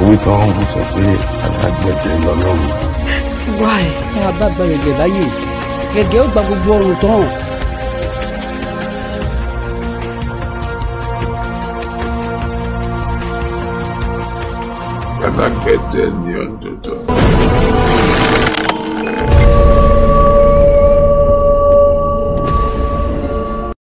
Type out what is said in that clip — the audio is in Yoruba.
àwí tó ń sọ pé alágbẹ̀dẹ lọ́lọ́run. wáì tá a bá gba gẹ̀gẹ̀ láyè gẹ̀gẹ̀ ó gba gbogbo ọrùn tán. alágbẹ̀dẹ ni ọ̀dọ̀